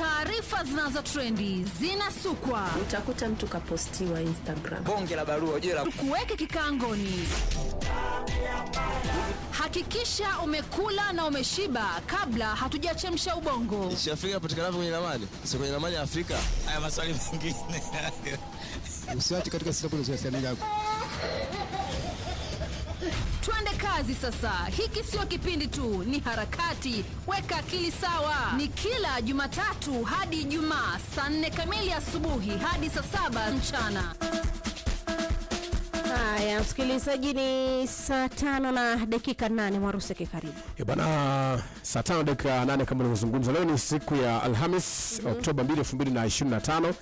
Taarifa zinazo trendi zinasukwa, utakuta mtu kapostiwa Instagram, bonge la barua jela, kuweke kikangoni. Hakikisha umekula na umeshiba kabla hatujachemsha ubongo. Ishi Afrika inapatikana kwenye ramani, si kwenye ramani ya Afrika. Haya maswali mengine usiache katika sasa, kuna sasa Twende kazi sasa. Hiki sio kipindi tu, ni harakati. Weka akili sawa, ni kila Jumatatu hadi Ijumaa saa nne kamili asubuhi hadi saa saba mchana. Haya msikilizaji, ni saa tano na dakika nane. Mwaruseke, karibu bana. Saa tano dakika nane kama nilivyozungumza, leo ni siku ya Alhamis, mm -hmm. Oktoba 2, 2025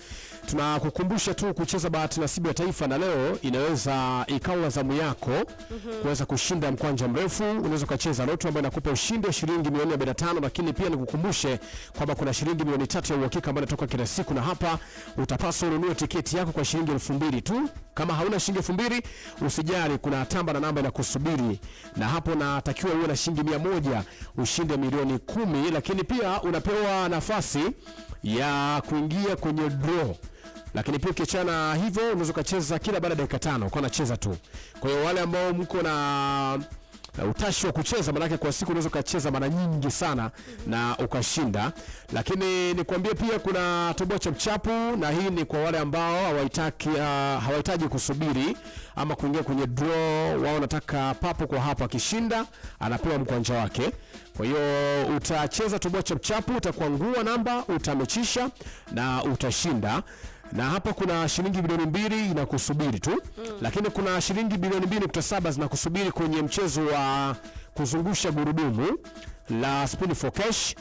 tunakukumbusha tu kucheza bahati nasibu ya taifa, na leo inaweza ikawa zamu yako mm -hmm. kuweza kushinda mkwanja mrefu. Unaweza ukacheza loto ambayo inakupa ushindi wa shilingi milioni 45, lakini pia nikukumbushe kwamba kuna shilingi milioni tatu ya uhakika ambayo inatoka kila siku, na hapa utapaswa ununue tiketi yako kwa shilingi elfu mbili tu. Kama hauna shilingi elfu mbili usijali, kuna tamba na namba inakusubiri, na hapo natakiwa uwe na shilingi mia moja ushinde milioni kumi, lakini pia unapewa nafasi ya kuingia kwenye draw lakini pia ukiachana hivyo unaweza ukacheza kila baada ya dakika tano kwa nacheza tu. Kwa hiyo wale ambao mko na utashi wa kucheza, maanake kwa siku unaweza ukacheza mara nyingi sana na ukashinda. Lakini nikwambie pia kuna toboa chapchapu, na hii ni kwa wale ambao hawahitaji uh, hawahitaji kusubiri ama kuingia kwenye draw. Wao nataka papo kwa hapo, akishinda anapewa mkwanja wake. Kwa hiyo utacheza toboa chapchapu, utakuangua namba, utamechisha na utashinda na hapa kuna shilingi bilioni mbili inakusubiri tu mm. Lakini kuna shilingi bilioni mbili nukta saba zinakusubiri kwenye mchezo wa kuzungusha gurudumu la Spin for Cash.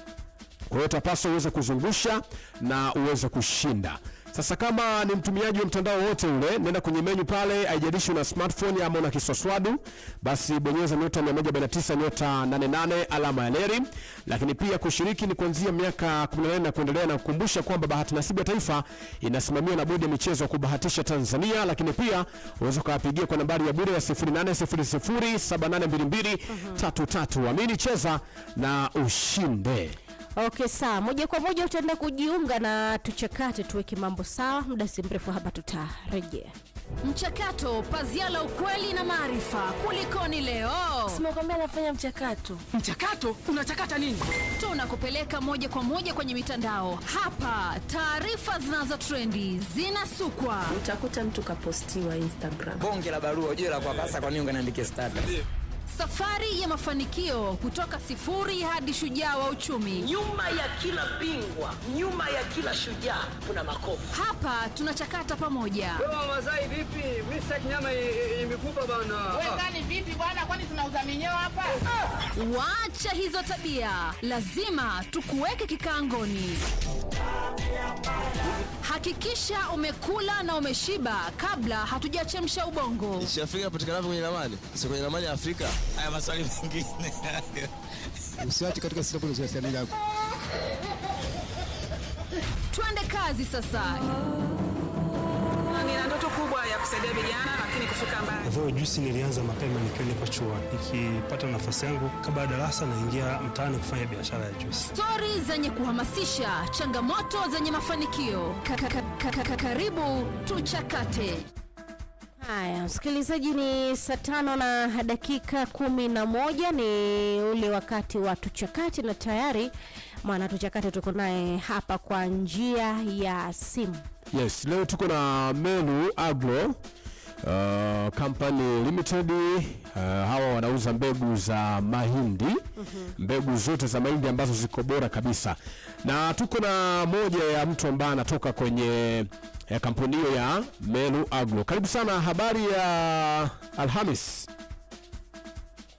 Kwa hiyo utapaswa uweze kuzungusha na uweze kushinda. Sasa kama ni mtumiaji wa mtandao wote ule, nenda kwenye menu pale, haijalishi una smartphone ama una kiswaswadu, basi bonyeza nyota 149 nyota 88 alama ya leri. Lakini pia kushiriki ni kuanzia miaka 18 na kuendelea, na kukumbusha kwamba bahati nasibu ya taifa inasimamiwa na bodi ya michezo ya kubahatisha Tanzania. Lakini pia unaweza kuwapigia kwa nambari ya bure ya 0800782233. Mhm. Amini, cheza na ushinde. Okay, sawa. Moja kwa moja utaenda kujiunga na tuchakate, tuweke mambo sawa. Muda si mrefu hapa tutarejea. Mchakato, pazia la ukweli na maarifa. Kulikoni leo? Simekwambia nafanya mchakato. Mchakato? Unachakata nini? Tunakupeleka moja kwa moja kwenye mitandao. Hapa taarifa zinazo trendi zinasukwa. Utakuta mtu kapostiwa Instagram, bonge la barua. Ujue la kwa pasa, kwa nini unganiandikia status? Safari ya mafanikio kutoka sifuri hadi shujaa wa uchumi. Nyuma ya kila bingwa, nyuma ya kila shujaa kuna makofu Hapa tunachakata pamoja. Wewe vipi? Mimi nyama imekupa bana. Wewe vipi bwana? Kwani tunauza minyeo hapa? Waacha hizo tabia. Lazima tukuweke kikaangoni. Hakikisha umekula na umeshiba kabla hatujachemsha ubongo. Nchi ya Afrika inapatikana kwenye ramani, si kwenye ramani ya Afrika. Haya maswali mengine usiache katika yako. Twende kazi sasa. Nina ndoto kubwa ya kusaidia vijana lakini kufika mbali. Hivyo juzi nilianza mapema nikiwa niko chuo, nikipata nafasi yangu kabla ya darasa naingia mtaani kufanya biashara ya juzi. Stori zenye kuhamasisha, changamoto zenye mafanikio. Karibu tuchakate. Haya, msikilizaji, ni saa tano na dakika kumi na moja ni ule wakati wa tuchakati, na tayari mwana tuchakati tuko naye hapa kwa njia ya simu. Yes, leo tuko na Melu Agro uh, Company Limited uh, hawa wanauza mbegu za mahindi mm -hmm. mbegu zote za mahindi ambazo ziko bora kabisa, na tuko na moja ya mtu ambaye anatoka kwenye ya kampuni hiyo ya Melu Agro. Karibu sana, habari ya Alhamis?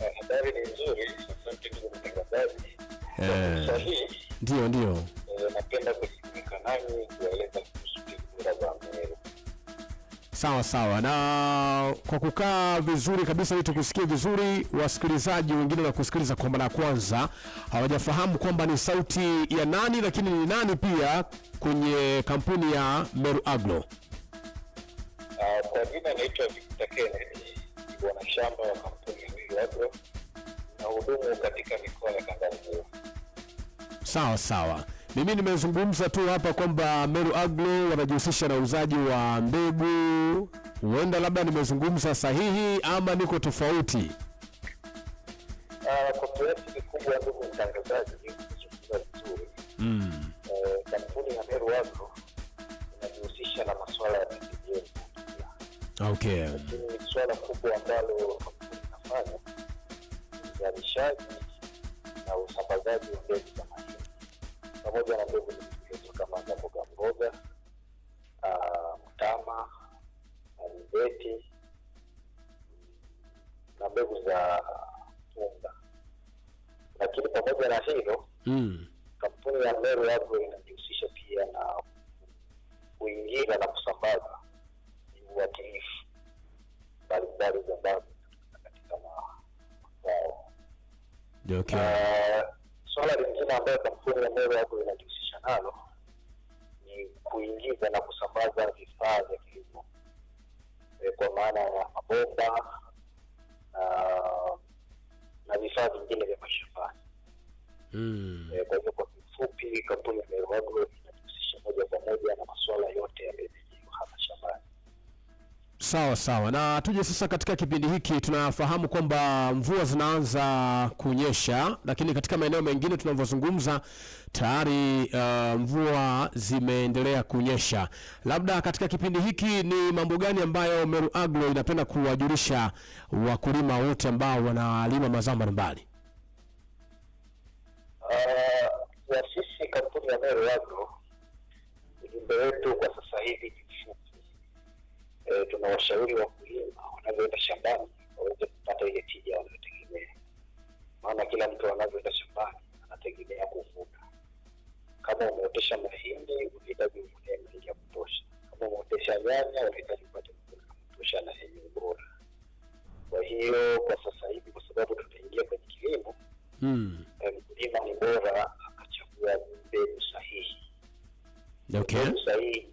Eh, habari ni nzuri, eh. ndio ndio, eh, napenda kusikika nanyi kueleza kuhusu bora za Melu Sawa sawa, na kwa kukaa vizuri kabisa ili tukusikie vizuri, wasikilizaji wengine na kusikiliza kwa mara ya kwanza hawajafahamu kwamba ni sauti ya nani, lakini ni nani pia kwenye kampuni ya Meru Agro. Uh, kwa jina naitwa Victor Kennedy, bwana shamba wa kampuni ya Meru Agro na hudumu katika mikoa ya Kanda Sawa sawa. Mimi nimezungumza tu hapa kwamba Meru Agro wanajihusisha na uuzaji wa mbegu. Huenda labda nimezungumza sahihi ama niko tofauti. Uh, kwa kiasi kikubwa ndugu mtangazaji, umezungumza vizuri. Mm. Uh, kampuni ya Meru Agro inajihusisha na masuala ya pembejeo. Okay. Lakini swala kubwa ambalo kampuni inafanya ni uzalishaji na usambazaji wa mbegu za pamoja na mbegu zetu kama za mboga mboga, ah, mtama, alizeti na mbegu za tunda. Lakini pamoja na hilo mm. kampuni ya Meru Agro inajihusisha pia na kuingiza na kusambaza viuatilifu mbalimbali za mbegu katika mazao okay. Ah, ambayo kampuni ya Meru inajihusisha nalo ni kuingiza na kusambaza vifaa vya kilimo e, kwa maana ya mabomba na vifaa vingine vya mashambani mm. E, kwa hiyo kwa kifupi, kampuni ya Meru inajihusisha moja kwa moja na masuala yote ya hapa shambani. Sawa sawa, na tuje sasa katika kipindi hiki. Tunafahamu kwamba mvua zinaanza kunyesha, lakini katika maeneo mengine tunavyozungumza tayari uh, mvua zimeendelea kunyesha. Labda katika kipindi hiki ni mambo gani ambayo Meru Agro inapenda kuwajulisha wakulima wote ambao wanalima mazao mbalimbali? Uh, sisi kampuni ya Meru Agro, ujumbe wetu kwa sasa hivi e, tunawashauri wakulima wanavyoenda shambani waweze kupata ile tija wanayotegemea, maana kila mtu anavyoenda shambani anategemea kuvuna. Kama umeotesha mahindi, unahitaji uvune mahindi ya kutosha. Kama umeotesha nyanya, unahitaji upate mavuno ya kutosha na yenye ubora. Kwa hiyo kwa sasa hivi, kwa sababu tunaingia kwenye kilimo, hmm. eh, mkulima ni bora akachagua mbegu sahihi. Okay. Mbegu sahihi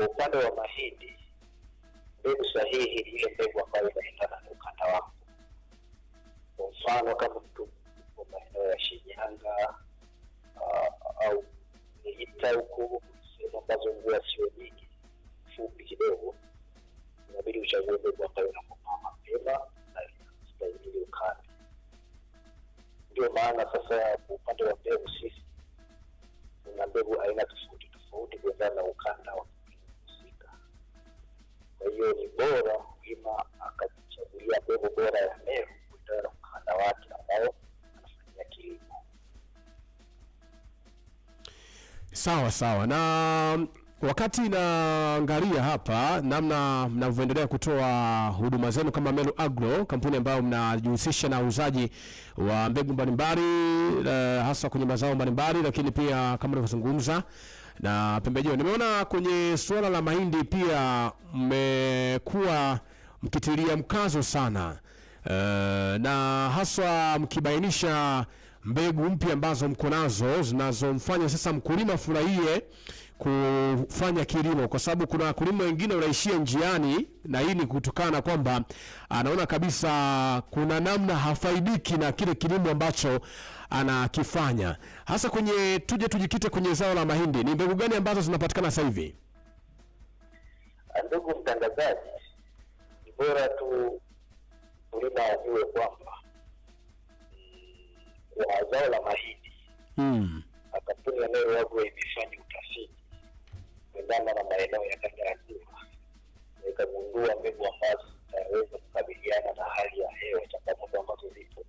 kwa upande wa mahindi, mbegu sahihi ni ile mbegu ambayo inaendana na ukanda wako. Kwa mfano kama mtu wa maeneo ya Shinyanga au Geita huku sehemu ambazo mvua sio nyingi, fupi kidogo, inabidi uchague mbegu ambayo inakomaa mapema na inastahimili ukanda Ndio maana sasa kwa upande wa mbegu sisi una mbegu aina tofauti tofauti kuendana na ukanda wa kwa hiyo ni bora ima akajichagulia mbegu bora ya Meru kulingana na ukanda wake ambao anafanyia kilimo. Sawa sawa na mm, wakati naangalia hapa namna mnavyoendelea kutoa huduma zenu kama Meru Agro, kampuni ambayo mnajihusisha na uuzaji wa mbegu mbalimbali uh, eh, hasa kwenye mazao mbalimbali, lakini pia kama ulivyozungumza na pembejeo. Nimeona kwenye suala la mahindi pia mmekuwa mkitilia mkazo sana e, na haswa mkibainisha mbegu mpya ambazo mko nazo zinazomfanya sasa mkulima furahie kufanya kilimo, kwa sababu kuna wakulima wengine wanaishia njiani, na hii ni kutokana na kwamba anaona ah, kabisa kuna namna hafaidiki na kile kilimo ambacho anakifanya. Hasa kwenye tuje tujikite kwenye zao la mahindi, ni mbegu gani ambazo zinapatikana sasa hivi? Ah, ndugu mtangazaji, bora tu mkulima ajue kwamba mm, kwa zao la mahindi, hmm. kampuni ya Nero Agro imefanya kutokana na maeneo ya kanda nzima, ikagundua mbegu ambazo zitaweza kukabiliana na hali ya hewa, changamoto ambazo zipo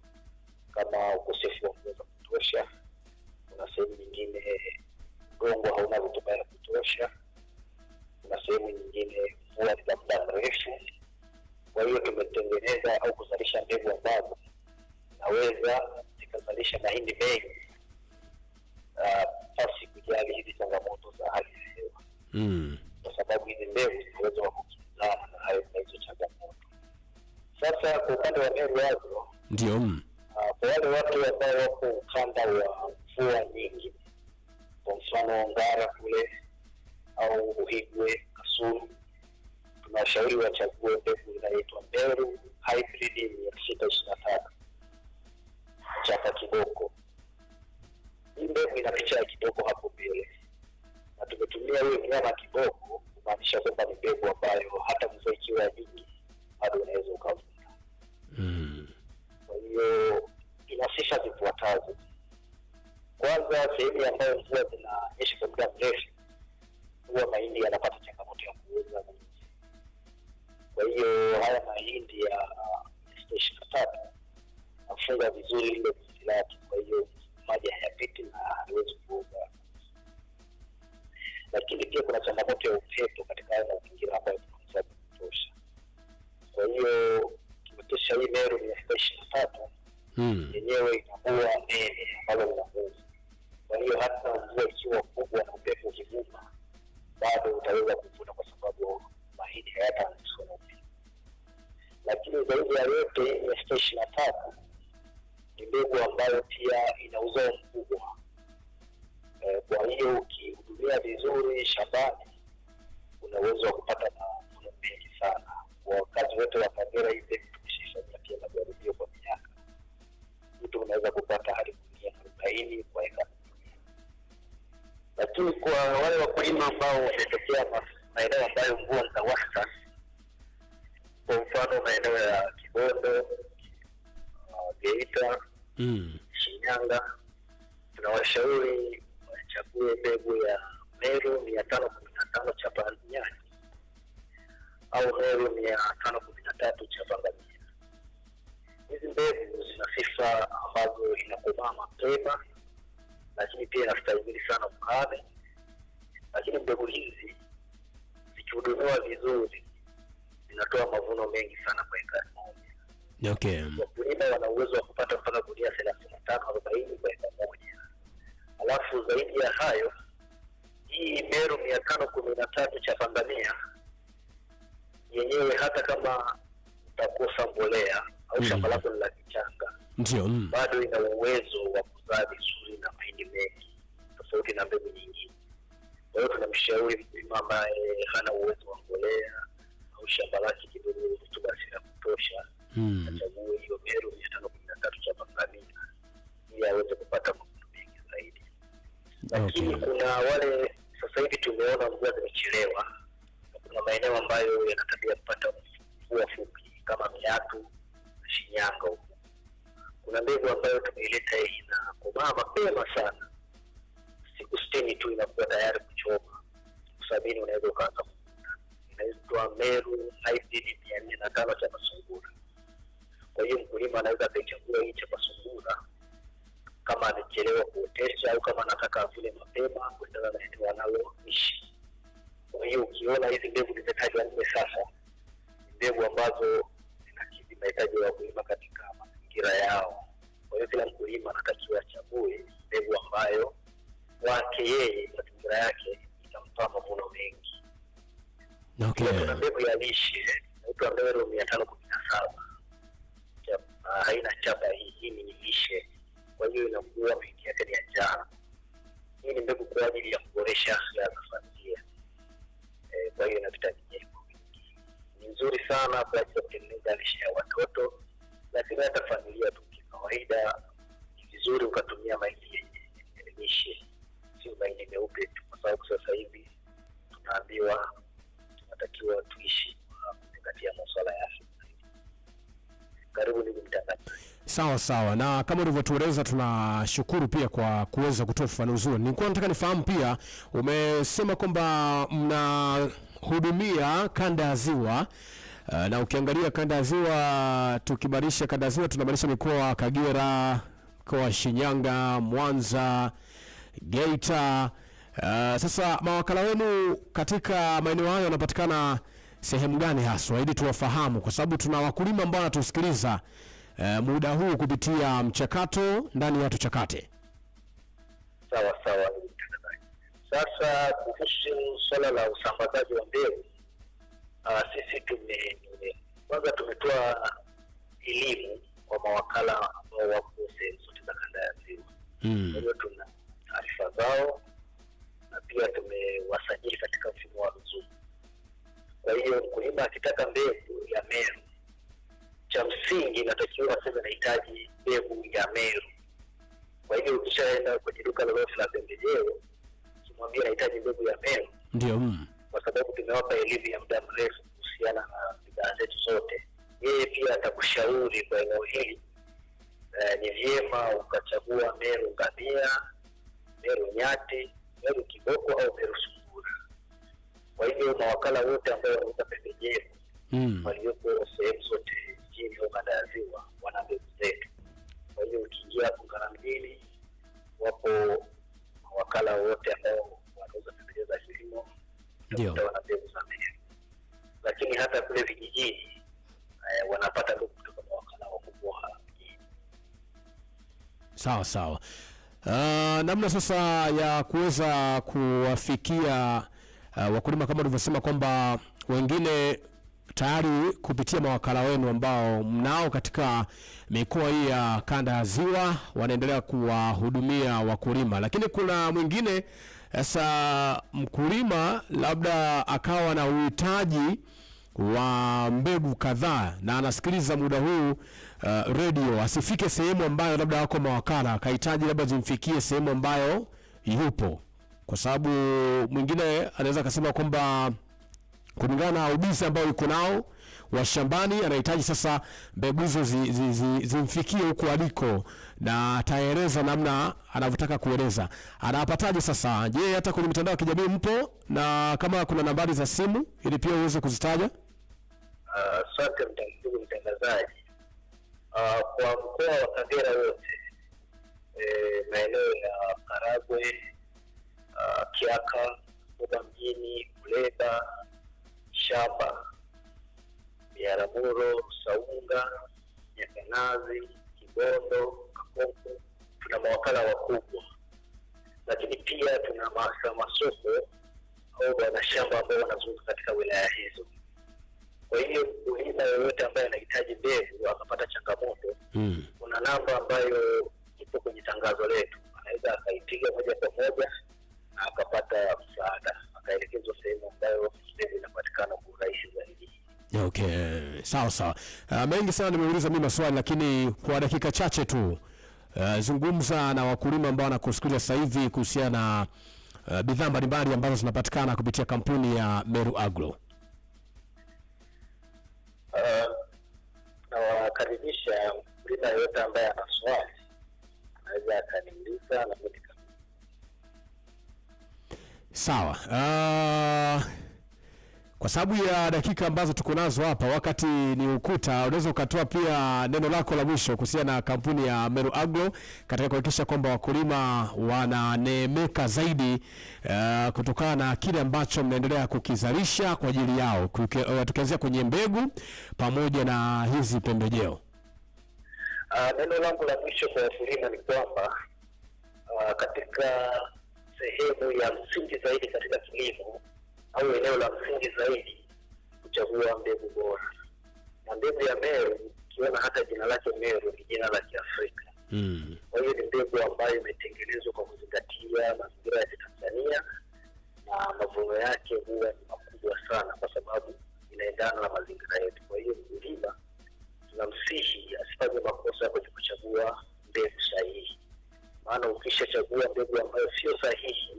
kama ukosefu wa mvua za kutosha. Kuna sehemu nyingine udongo hauna rutuba ya kutosha, kuna sehemu nyingine mvua ni za muda mrefu. Kwa hiyo tumetengeneza au kuzalisha mbegu ambazo naweza zikazalisha mahindi mengi pasi kujali hizi changamoto za hali Mm. kwa sababu hizi mbegu zinaweza kukinzana na hayo na hizo changamoto. Sasa kwa upande wa mbegu hazo ndio mm. ah, kwa wale watu ambao wako ukanda wa mvua nyingi, kwa mfano Ngara kule au Uhigwe, Kasulu, tunawashauri wachague mbegu inayoitwa Mberu hybrid mia sita ishirini na tatu chapa Kiboko. Hii mbegu ina picha ya kiboko hapo mbele na tumetumia hiyo mnyama kiboko kumaanisha kwamba ni mbegu ambayo hata mvua ikiwa nyingi bado unaweza ukavuna. Mm. Kwa hiyo ina sifa zifuatazo. Kwanza, sehemu ambayo mvua zinanyesha kwa muda mrefu, huwa mahindi yanapata changamoto ya kuuza nje. Kwa hiyo haya mahindi ya sita na tatu nafunga vizuri ile zizi lake, kwa hiyo maji hayapiti na haiwezi kuuza lakini pia kuna changamoto ya upepo katika haya mazingira ambayo tunaweza kutosha. Kwa hiyo tumekesha hii Meru miaka ishirini na tatu hmm. yenyewe inakuwa nene ambalo lina nguvu. Kwa hiyo hata mvua ikiwa kubwa na upepo ukivuma, bado utaweza kuvuna kwa sababu mahindi hayataangushwa Lakini zaidi ya yote miaka ishirini na tatu ni mbegu ambayo pia ina uzao mkubwa Eh, kwa hiyo ukihudumia vizuri shambani una uwezo wa kupata mavuno mengi sana. Kwa wakazi wote wa Kagera, hii tumeshaifanyia majaribio kwa miaka, mtu unaweza kupata hadi gunia arobaini kwa eka Lakini kwa wale wakulima ambao wametokea maeneo ambayo mvua za wastani, kwa mfano maeneo ya Kibondo, uh, Geita, mm. Shinyanga, tunawashauri uchague mbegu ya mero mia tano kumi na tano cha panyani au mero mia tano kumi na tatu cha pangania. Hizi mbegu zina sifa ambazo inakomaa mapema, lakini pia inastahimili sana ukame, lakini mbegu hizi zikihudumiwa vizuri zinatoa mavuno mengi sana kwa ekari moja. Okay, wakulima wana uwezo wa kupata mpaka gunia thelathini zaidi ya hayo, hii Meru mia tano kumi na tatu cha pandamia yenyewe hata kama utakosa mbolea au mm. shamba lako ni la kichanga, ndio mm. bado ina uwezo wa kuzaa vizuri na mahindi mengi tofauti na mbegu nyingine. Kwa hiyo tunamshauri mkulima ambaye hana uwezo wa mbolea au shamba lake kidogo rutuba la kutosha, mm. achague hiyo Meru mia tano kumi na tatu cha pandamia ili aweze kupata lakini okay. kuna wale sasa hivi tumeona mvua zimechelewa, kuna maeneo ambayo yanatabia kupata mvua fupi kama miatu na Shinyanga huku Kuna mbegu ambayo tumeileta ina kumaa mapema sana, siku sitini tu inakuwa tayari kuchoma, siku sabini unaweza ukaanza kuvuna. Inaitwa Meru hybrid mia nne na tano cha masungura. Kwa hiyo mkulima anaweza akaichagua hii cha masungura kama anachelewa kuotesha au kama anataka vile mapema kuendana na eneo analoishi. Kwa hiyo ukiona hizi mbegu zimetajwa nne sasa, ni mbegu ambazo zinakidhi mahitaji ya wakulima katika mazingira yao. Kwa hiyo kila mkulima anatakiwa achague mbegu ambayo wake yeye, mazingira yake itampa mavuno mengi. Okay. Kuna mbegu ya lishe inaitwa Mero mia tano kumi na saba haina chapa hii, hii ni lishe kwa hiyo inakuwa piki yake ni ya njano. Hii ni mbegu kwa ajili ya kuboresha afya za familia, e, kwa hiyo ina vitamini ni nzuri sana kwa ajili ya kutengeneza lishe ya watoto, lakini hata familia tu kikawaida, ni vizuri ukatumia mahindi yenye lishe, sio mahindi meupe tu, kwa sababu sasa hivi tunaambiwa tunatakiwa tuishi kuzingatia masuala ya afya. Karibu ndugu mtangazaji. Sawa sawa, na kama ulivyotueleza, tunashukuru pia kwa kuweza kutoa ufafanuzi huo. Nilikuwa nataka nifahamu pia, umesema kwamba mnahudumia kanda ya Ziwa eh, na ukiangalia kanda ya Ziwa, tukibadilisha kanda ya Ziwa tunabadilisha mikoa wa Kagera, mkoa wa Shinyanga, Mwanza, Geita. Uh, sasa mawakala wenu katika maeneo hayo wanapatikana sehemu gani haswa, ili tuwafahamu, kwa sababu tuna wakulima ambao wanatusikiliza Eh, muda huu kupitia mchakato ndani ya tuchakate. Sawa sawa. Sasa kuhusu suala la usambazaji wa mbegu, ah, sisi tume kwanza tumetoa elimu kwa mawakala kidogo au perusukuna. Kwa hivyo mawakala wote ambao wanauza pembejeo mm. waliopo sehemu zote jini au ya ziwa wana mbegu zetu. Kwa hiyo ukiingia hapo mjini wapo mawakala wote ambao wanauza pembejeo za kilimo ndio wana mbegu za mbegu, lakini hata kule vijijini eh, wanapata mbegu kutoka mawakala wakubwa mjini. Sawa sawa. Uh, namna sasa ya kuweza kuwafikia uh, wakulima kama ulivyosema kwamba wengine tayari kupitia mawakala wenu ambao mnao katika mikoa hii ya kanda ya Ziwa wanaendelea kuwahudumia wakulima, lakini kuna mwingine sasa, mkulima labda akawa na uhitaji wa mbegu kadhaa na anasikiliza muda huu uh, redio asifike sehemu ambayo labda wako mawakala akahitaji labda zimfikie sehemu ambayo yupo, kwa sababu mwingine anaweza akasema kwamba kulingana na ubisi ambao yuko nao wa shambani, anahitaji sasa mbegu hizo zimfikie zi, zi, zi huko aliko, na ataeleza namna anavyotaka kueleza. Anapataje sasa? Je, hata kwenye mitandao ya kijamii mpo? Na kama kuna nambari za simu ili pia uweze kuzitaja. Uh, asante uh, mtangazaji uh, kwa mkoa wa Kagera wote e, eh, maeneo ya Karagwe uh, Kiaka, Buba mjini, Muleba, Shaba, Biharamuro, Saunga, Nyakanazi, Kibondo, Kakonko tuna mawakala wakubwa, lakini pia tuna maafisa masoko au wanashamba ambao wanazunguka katika wilaya hizo. Kwa hiyo mkulima yoyote ambaye anahitaji mbegu akapata changamoto, hmm. kuna namba ambayo ipo kwenye tangazo letu, anaweza akaipiga moja kwa moja na akapata msaada, akaelekezwa sehemu ambayo mbegu inapatikana kwa urahisi zaidi. Okay, sawa sawa. Uh, mengi sana nimeuliza mi maswali, lakini kwa dakika chache tu uh, zungumza na wakulima ambao wanakusikiliza sasa hivi kuhusiana na uh, bidhaa mbalimbali ambazo zinapatikana kupitia kampuni ya Meru Agro. sababu ya dakika ambazo tuko nazo hapa, wakati ni ukuta, unaweza ukatoa pia neno lako la mwisho kuhusiana na kampuni ya Meru Agro katika kuhakikisha kwamba wakulima wananeemeka zaidi uh, kutokana na kile ambacho mnaendelea kukizalisha kwa ajili yao, eh, tukianzia kwenye mbegu pamoja na hizi pembejeo. Uh, neno langu la mwisho kwa wakulima ni kwamba uh, katika sehemu ya msingi zaidi katika kilimo au eneo la msingi zaidi kuchagua mbegu bora, na mbegu ya Meru ukiona hata jina lake Meru ni jina la Kiafrika. Mm. Kwa hiyo ni mbegu ambayo imetengenezwa kwa kuzingatia mazingira ya kitanzania na mavuno yake huwa ni makubwa sana, kwa sababu inaendana na mazingira yetu. Kwa hiyo mkulima tunamsihi asifanye makosa kwenye kuchagua mbegu sahihi, maana ukishachagua mbegu ambayo sio sahihi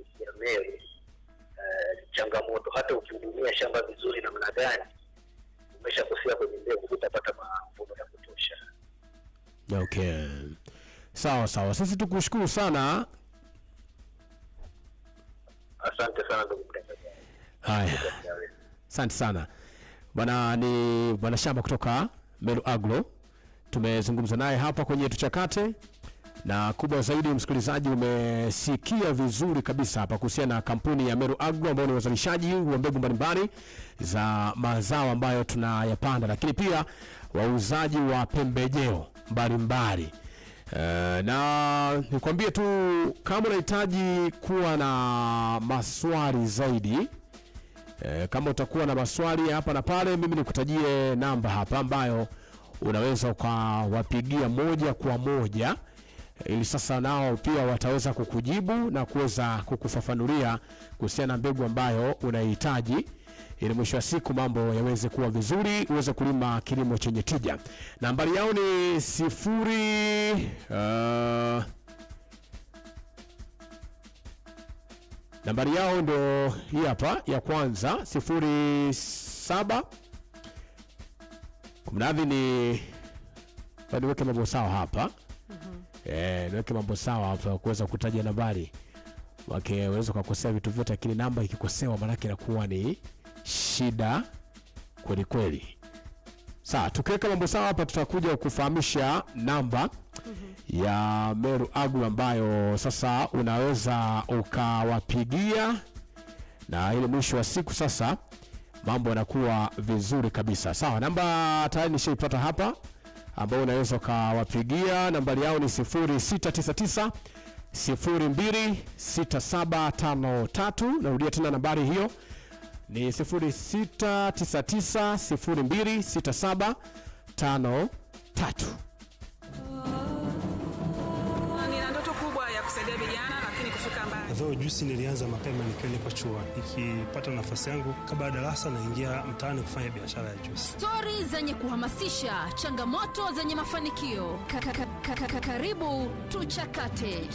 Sawa sawa, sisi tukushukuru sana. Asante sana ndugu Haya, asante sana bwana. Ni bwana shamba kutoka Meru Agro, tumezungumza naye hapa kwenye tuchakate, na kubwa zaidi, msikilizaji, umesikia vizuri kabisa hapa kuhusiana na kampuni ya Meru Agro ambao ni wazalishaji wa mbegu mbalimbali za mazao ambayo tunayapanda, lakini pia wauzaji wa pembejeo mbalimbali Eh, na nikwambie tu kama unahitaji kuwa na maswali zaidi e, kama utakuwa na maswali hapa na pale, mimi nikutajie namba hapa ambayo unaweza ukawapigia moja kwa moja eh, ili sasa nao pia wataweza kukujibu na kuweza kukufafanulia kuhusiana na mbegu ambayo unahitaji ili yaani mwisho wa siku mambo yaweze kuwa vizuri, uweze kulima kilimo chenye tija. Nambari yao ni sifuri uh, nambari yao ndo hii hapa ya kwanza sifuri saba kumradhi, ni eh, niweke mambo sawa hapa mm -hmm. E, niweke mambo sawa hapa kuweza kutaja nambari wake, unaweza kukosea vitu vyote, lakini namba ikikosewa maana yake inakuwa ni shida kweli kweli. Sawa, tukiweka mambo sawa hapa, tutakuja kufahamisha namba mm -hmm. ya Meru agu ambayo sasa unaweza ukawapigia na ile mwisho wa siku sasa mambo yanakuwa vizuri kabisa. Sawa, namba tayari nishaipata hapa ambayo unaweza ukawapigia. Nambari yao ni 0699 026753. Narudia tena nambari hiyo ni 0699026753. jusi nilianza mapema nikiwa nikwa chuo, nikipata nafasi yangu kabla ya darasa naingia mtaani kufanya biashara ya jusi. Stori zenye kuhamasisha, changamoto zenye mafanikio. Kaka, kaka, kaka, karibu tuchakate.